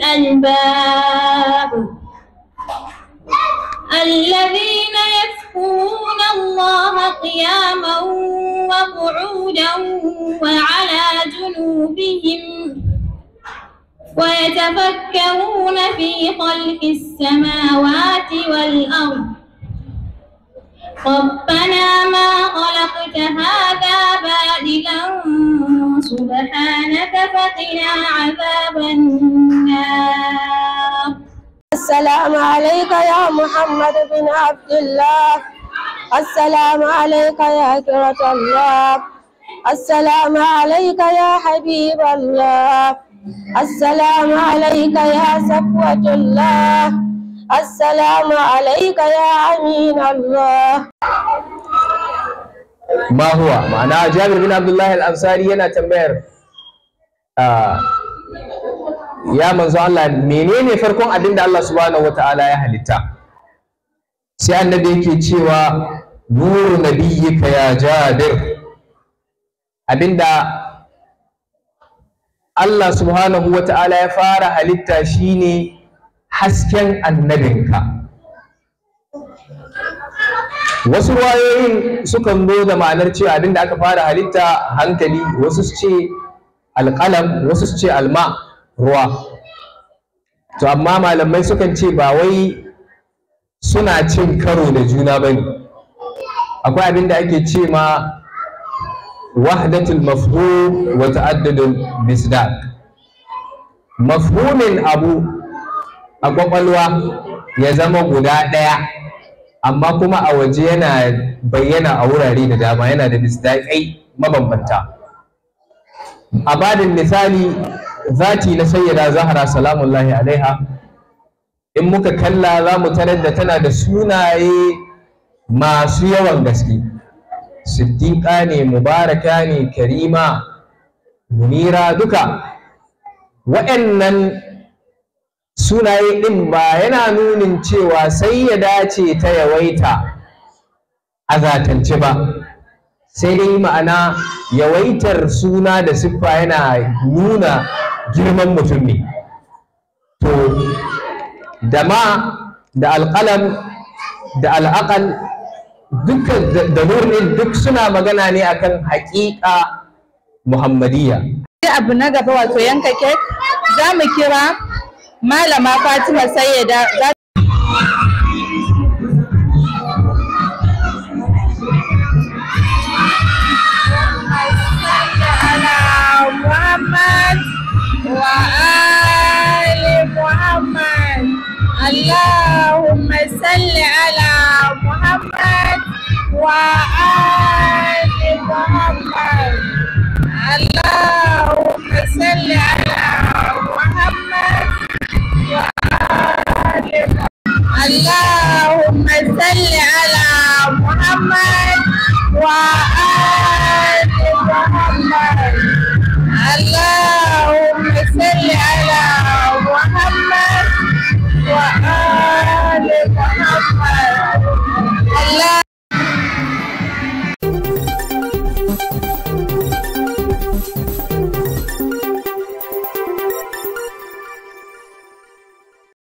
الألباب الذين يذكرون الله قياما وقعودا وعلى جنوبهم ويتفكرون في خلق السماوات والأرض ربنا ما خلقت هذا باطلا سبحانك فقنا عذاب النار السلام عليك يا محمد بن عبد الله السلام عليك يا كرة الله السلام عليك يا حبيب الله السلام عليك يا صفوة الله السلام عليك يا أمين الله ما هو معناه جابر بن عبد الله الأنصاري هنا تمر آه ya manzo Allah menene farkon abin da Allah subhanahu wataala ya halitta sai annabi yake cewa nuru nabiyyika ya jabir abinda Allah subhanahu wataala ya fara halitta shine hasken annabinka wasu wayoyin sukan zo da ma'anar cewa abinda aka fara halitta hankali wasu su ce alƙalam wasu su ce alma ruwa to amma malamai sukan ce ba wai suna cin karo da juna ba ne akwai abin da ake ce ma wahdatul mafhu wa ta'addudul misdaq mafhumin abu a kwakwalwa ya zama guda ɗaya amma kuma a waje yana bayyana a wurare da dama yana da misdaƙai mabambanta a badin misali zati na sayyida zahara salamullahi alaiha in muka kalla za mu tarar da tana da sunaye masu yawan gaske siddiƙa ne mubaraka ne karima munira duka waɗannan sunaye ɗin ba yana nunin cewa sai ya dace ta yawaita a zatance ba sai dai ma'ana yawaitar suna da siffa yana nuna girman mutum ne to da ma da alƙalam da al'aƙal dukkan da nurin duk suna magana ne akan haƙiƙa muhammadiyya abu na gaba wato yanka kek za mu kira malama fatima sayyada اللهم صل على محمد وآل محمد اللهم صل على محمد وآل محمد اللهم صل على محمد وآل